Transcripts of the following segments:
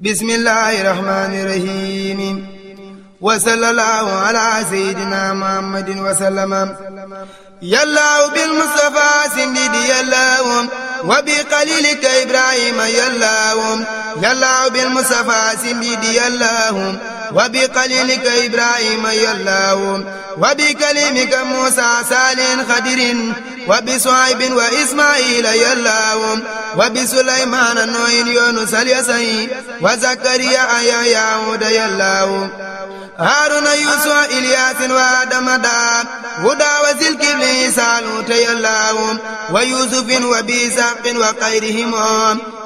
بسم الله الرحمن الرحيم وصلى الله على سيدنا محمد وسلم يا الله بالمصطفى سندي يا الله وبقليلك إبراهيم يا الله يا الله بالمصطفى سندي يا الله وبقليلك إبراهيم يلاو وبكلمك موسى سال خدر وبصعيب وإسماعيل يلاو وبسليمان نوح يونس اليسعي وزكريا يا يعود يلاو هارون يوسف إلياس ودمدان هدى وزلكبل سالوت يلاهم ويوسف وبيساق وغيرهم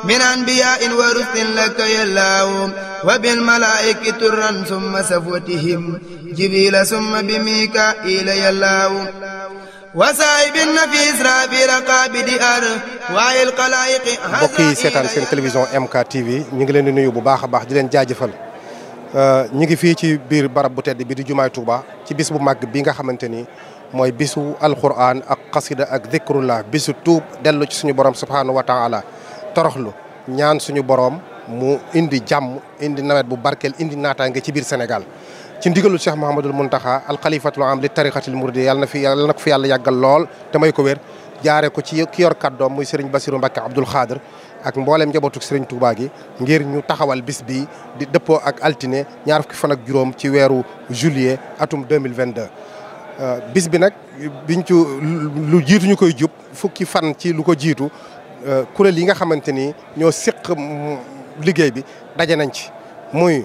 من أنبياء ورث لك يلاهم وبالملائكة ترا ثم سفوتهم جبريل ثم بميكائيل يلاهم wasaay bin nafis rabi raqabi di ar waayil xalaayiqi mbokk yi seetaan seen télévision MK TV ñu ngi leen di nuyu bu baax a baax di leen jaajëfal Euh, ñu ngi fii ci biir barab bu tedd bi di jumaay Touba ci bis bu màgg bi nga xamante ni mooy bisu alquran ak xasida ak zikrullah bisu tuub dellu ci suñu borom subhanahu wa taala toroxlu ñaan suñu borom mu indi jàmm indi nawet bu barkeel indi naataange ci biir Sénégal ci ndigalul Cheikh Mouhamadul Mountakha alxalifatul am li tariqatil muridi yàlla na fi yàlla na ko fi yàlla yàggal lool te may ko wér jaare ko ci ki yor kàddoom muy Serigne Bassirou Mbacke Abdoul ak mbooleem njabootuk sëriñ Touba gi ngir ñu taxawal bis bi di dëppoo ak altine ñaar fukki fan ak juróom ci weeru juillet atum 2022 euh, bis bi nag biñ ci lu jiitu ñu koy jub fukki fan ci lu ko jiitu euh, kuréel yi nga xamante ni ñoo séq liggéey bi daje nañ ci muy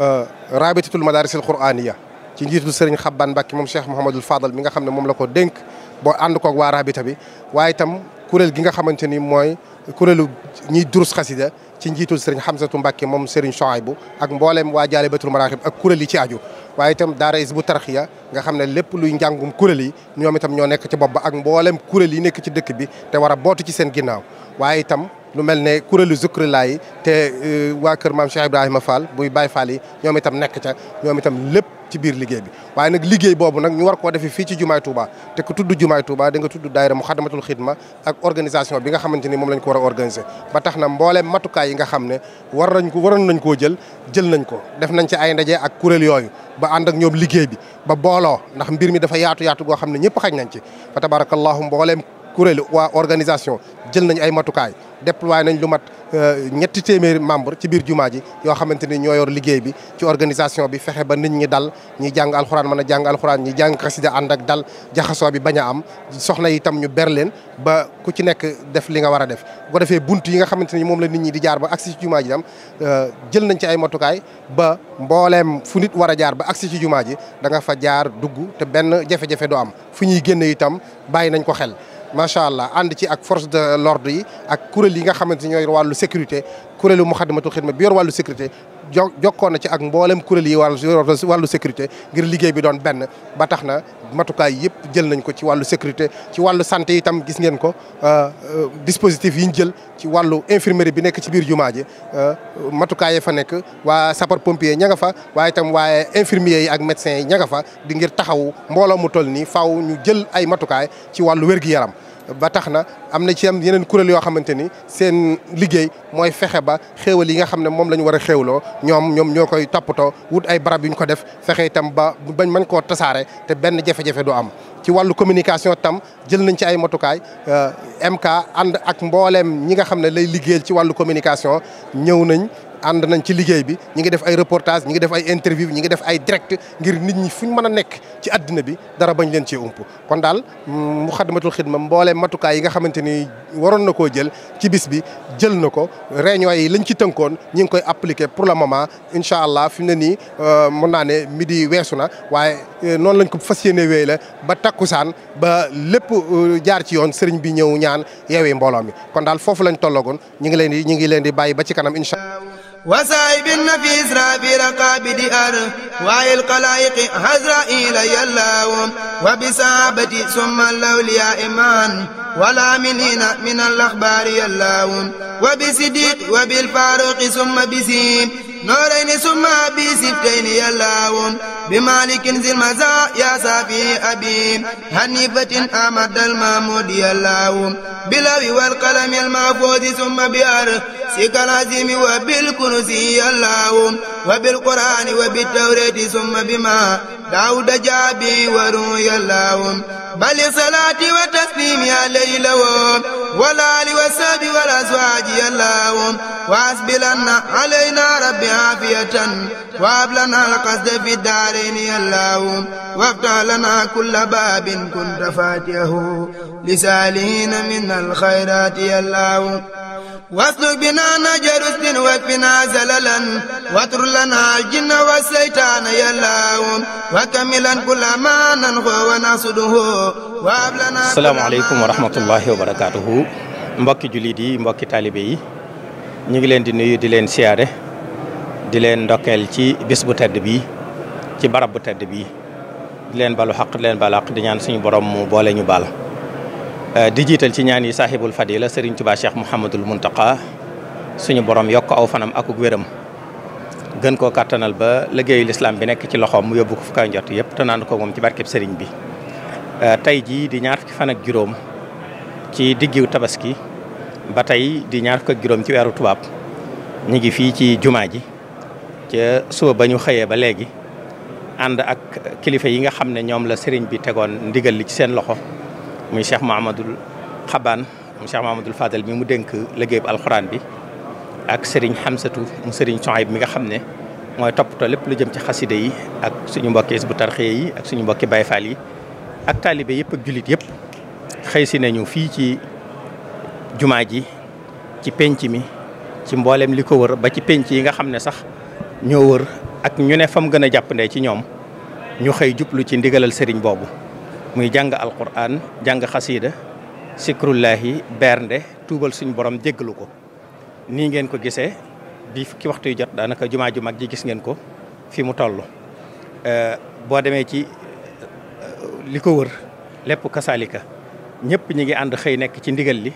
euh, rabitatul madarisil quraaniya ci njiitul sëriñ Xabbaan Mbàkke moom Cheikh Mouhamadul Fadal mi nga xam ne moom la ko dénk boo ànd koog waa rabita bi waaye itam kuréel gi nga xamante ni mooy kuréelu ñiy durus xasida ci njiitul sëriñ Xamsatu Mbàkke moom sëriñ bu ak mbooleem waa Jaalibatul Maraaxib ak kuréel yi ci aju waaye itam daara is bu tarxiya nga xam ne lépp luy njàngum kuréel yi ñoom itam ñoo nekk ci bopp ba ak mbooleem kuréel yi nekk ci dëkk bi te war a bootu ci seen ginnaaw waaye itam lu mel ne kuréelu Zikrulaah yi te euh, waa kër maam Cheikh Ibrahima Fall buy Baye faal yi ñoom itam nekk ca ñoom itam lépp ci biir liggéey bi waaye nag liggéey boobu nag ñu war koo defee fii ci jumaay Touba te ku tudd jumaay Touba da nga tudd daayira Muxaddamatul Xidma ak organisation bi nga xamante ni moom lañ war a organiser ba tax na mbooleem matukaay yi nga xam ne war nañ ko waroon nañ koo jël jël nañ ko def nañ ci ay ndaje ak kuréel yooyu ba ànd ak ñoom liggéey bi ba booloo ndax mbir mi dafa yaatu yaatu goo xam ne ñëpp xañ nañ ci fa tabarakallahu mbooleem kuréelu waa organisation jël nañ ay matukaay déployé nañ lu mat euh, ñetti téeméeri membre ci biir jumaa ji yoo xamante ni ñoo yor liggéey bi ci organisation bi fexe ba nit ñi dal ñi jàng alxuraan mën a jàng alxuraan ñi jàng xasida ànd ak dal jaxasoo bi bañ a am soxna itam ñu ber leen ba ku ci nekk def li nga war a def bu ko defee bunt yi nga xamante ni moom la nit ñi di jaar ba agsi ci jumaa ji tam euh, jël nañ ci ay matukaay ba mbooleem fu nit war a jaar ba agsi ci jumaa ji da nga fa jaar dugg te benn jafe-jafe du am fu ñuy génne itam bàyyi nañ ko xel macha allah ànd ci ak force de l'ordre yi ak kuréel yi nga xamante ni ñooy wàllu sécurité kuréelu Muxaddamatul Xidma bi yor wàllu sécurité jo jokkoon ci ak mboolem kuréel yi wàllu sécurité ngir liggéey bi doon benn ba tax na matukaay yëpp jël nañ ko ci wàllu sécurité ci wàllu santé itam gis ngeen ko euh, euh, dispositif yi ñu jël ci wàllu infirmerie bi nekk ci biir jumaa ji euh, matukaay ya fa nekk waa sapeur pompier ña nga fa waaye itam waaye infirmier yi ak médecins yi ña nga fa di ngir taxaw mbooloo mu toll nii faaw ñu jël ay matukaay ci wàllu wér yaram ba tax na am na ci am yeneen kuréel yoo xamante ni seen liggéey mooy fexe ba xéewal yi nga xam ne moom la ñu war a xéewloo ñoom ñoom ñoo koy toppatoo wut ay barab yu ñu ko def fexe itam ba bañ mën koo tasaare te benn jafe-jafe du am. ci wàllu communication tam jël nañ ci ay matukaay euh, MK ànd ak mbooleem ñi nga xam ne lay liggéeyal ci wàllu communication ñëw nañ. ànd nañ ci liggéey bi ñi ngi def ay reportage ñi ngi def ay interview ñi ngi def ay direct ngir nit ñi fu ñu mën a nekk ci àddina bi dara bañ leen cee ump kon daal mm, Muxaddamatul Xidma mboolee matukaay yi nga xamante ni waroon na koo jël ci bis bi jël na ko réunion yi lañ ci tënkoon ñi ngi koy appliquer pour le moment incha allah fi mu ne nii euh, mun naa ne midi weesu na waaye euh, noonu lañ ko fas yéene wéy la ba takkusaan ba lépp euh, jaar ci yoon sëriñ bi ñëw ñaan yeewee mbooloo mi kon daal foofu lañ tollagoon ñi ngi leen di ñi ngi leen di bàyyi ba ci kanam وسائب في إسرافيل قابد أر وائل القلائق عزرائيل يلاو وبصحابتي ثم الأولياء إيمان ولا منين من الأخبار يلاو وبصديق وبالفاروق ثم بسيم نورين ثم بسبتين يلاو بمالك ذي المزايا صافي أبي هنيفة أمد المامودي الله بالله والقلم المحفوظ ثم بأر سك العظيم وبالكرسي الله وبالقرآن وبالتوراة ثم بما daawuda jaabi wa ruuya laawum bali salaati wa tasliimi alayhi lawoom walaali wa saabi wal azwaaji laawum wa asbilanna alaynaa rabbi aafiyatan wa ablana alqasda fi daarayni laawum waftah lanaa kulla baabin kunta faatihahu lisaalihiina min alxayraati laawum واسلك بنا نجر اسد وفنا زللا واتر لنا الجن والشيطان يا الله وكملا كل ما ننغو ونصده وهب لنا السلام عليكم ورحمة الله وبركاته mbokki jullit yi mbokki taalibe yi ñu ngi leen di nuyu di leen siyaare di leen ndokkeel ci bis bu tedd bi ci barab bu tedd bi di leen balu xaq di leen balu xaq di ñaan suñu borom mu boole ñu baal Euh, di jiital ci ñaan yi saaxibul fadila Serigne Touba Cheikh Mouhamadul Mountakha suñu boroom yokk aw fanam akuk wéram gën koo kattanal ba liggéeyu lislaam bi nekk ci loxoom mu yóbbu ko fu koy njot yëpp te naan ko moom ci barkeb Serigne bi. Euh, tey jii di ñaar fukki juróom ci diggiw tabaski ba tey di ñaar fukk ak juróom ci weeru tubaab ñu ngi fii ci jumaa ji ca suba ba ñu xëyee ba léegi ànd ak kilifa yi nga xam ne ñoom la Serigne bi tegoon ndigal li ci seen loxo. muy Cheikh Mahamadul xaban mu Cheikh Mahamadul Fadel mi mu dénk liggéey bu alxuraan bi ak Serigne Xamsatu mu Serigne Sohayb mi nga xam ne mooy toppatoo lépp lu jëm ci xasida yi ak suñu mbokki isbu tarxiya yi ak suñu mbokki bayfaal yi ak taalibe yëpp ak jullit yëpp xëy si nañu fii ci jumaa ji ci penc mi ci mboolem li ko wër ba ci penc yi nga xam ne sax ñoo wër ak ñu ne fa mu gën a jàpp jàppandee ci ñoom ñu xëy jublu ci ndigalal sëriñ boobu muy jàng alquran jàng xasiida sikrullahi bernde tuubal suñu borom jéggalu ko nii ngeen ko gisee bi fukki waxtu jot daanaka jumaa ju mag ji gis ngeen ko fi mu toll euh, boo demee ci euh, li ko wër lépp kasaalika ñëpp ñi ngi ànd xëy nekk ci ndigal li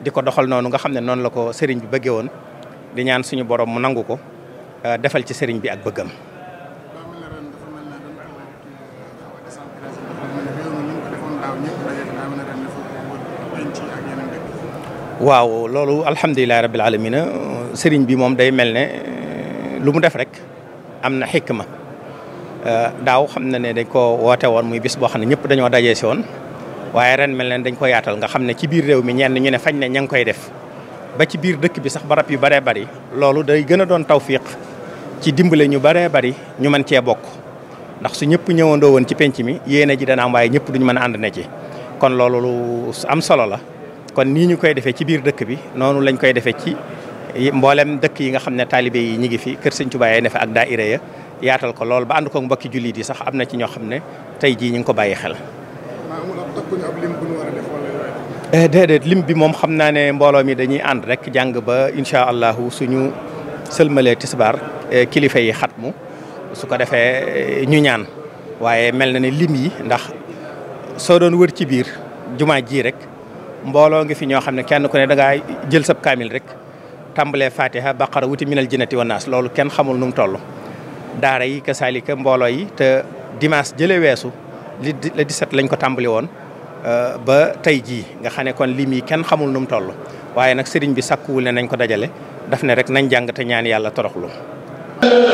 di ko doxal noonu nga xam ne noonu la ko sëriñ bi bëggee woon di ñaan suñu borom mu nangu ko euh, defal ci sëriñ bi ak bëggam waaw loolu alhamdulilah rabbil aalamiina sëriñ bi moom day mel ne lu mu def rek am na xikma euh, daaw xam na ne dañ ko woote woon muy bis boo xam ne ñëpp dañoo daje si woon waaye ren mel ne dañ ko yaatal nga xam ne ci biir réew mi ñenn ñu ne fañ ne ña ngi koy def ba ci biir dëkk bi sax barab yu bëree bari loolu day gën a doon tawfiq ci dimbale ñu bëree bari ñu mën cee bokk. ndax su ñëpp ñëwandoo woon ci penc mi yéene ji dana am waaye ñëpp duñ mën a ànd ci kon loolu lu am solo la kon nii ñu koy defee ci biir dëkk bi noonu lañ koy defee ci mboolem dëkk yi nga xam ne taalibe yi ñi ngi fi kër sëñ Tuubaa yee ne fa ak daa ya yaatal ko lool ba ànd ko mbokki jullit yi sax am na ci ñoo xam ne tey jii ñu ngi ko bàyyi xel. Eh, déedéet lim bi moom xam naa ne mbooloo mi dañuy ànd rek jàng ba incha allahu suñu sëlmalee tisbaar eh, kilifa yi xatmu su ko defee eh, ñu ñaan waaye mel na ne lim yi ndax soo doon wër ci biir jumaa ji rek mbooloo ngi fi ñoo xam ne kenn ku ne da ngaa jël sab kaamil rek tàmbalee fatiha baqara wuti minal jinnati wa naas loolu kenn xamul nu mu toll daara yi kasaalika mbooloo yi te dimanche jële weesu li le lañ ko tàmbali woon eh, ba tey jii nga xam ne kon lim yi kenn xamul nu mu toll waaye nag sëriñ bi sakkuwul ne nañ ko dajale daf ne rek nañ jàng te ñaan yàlla toroxlu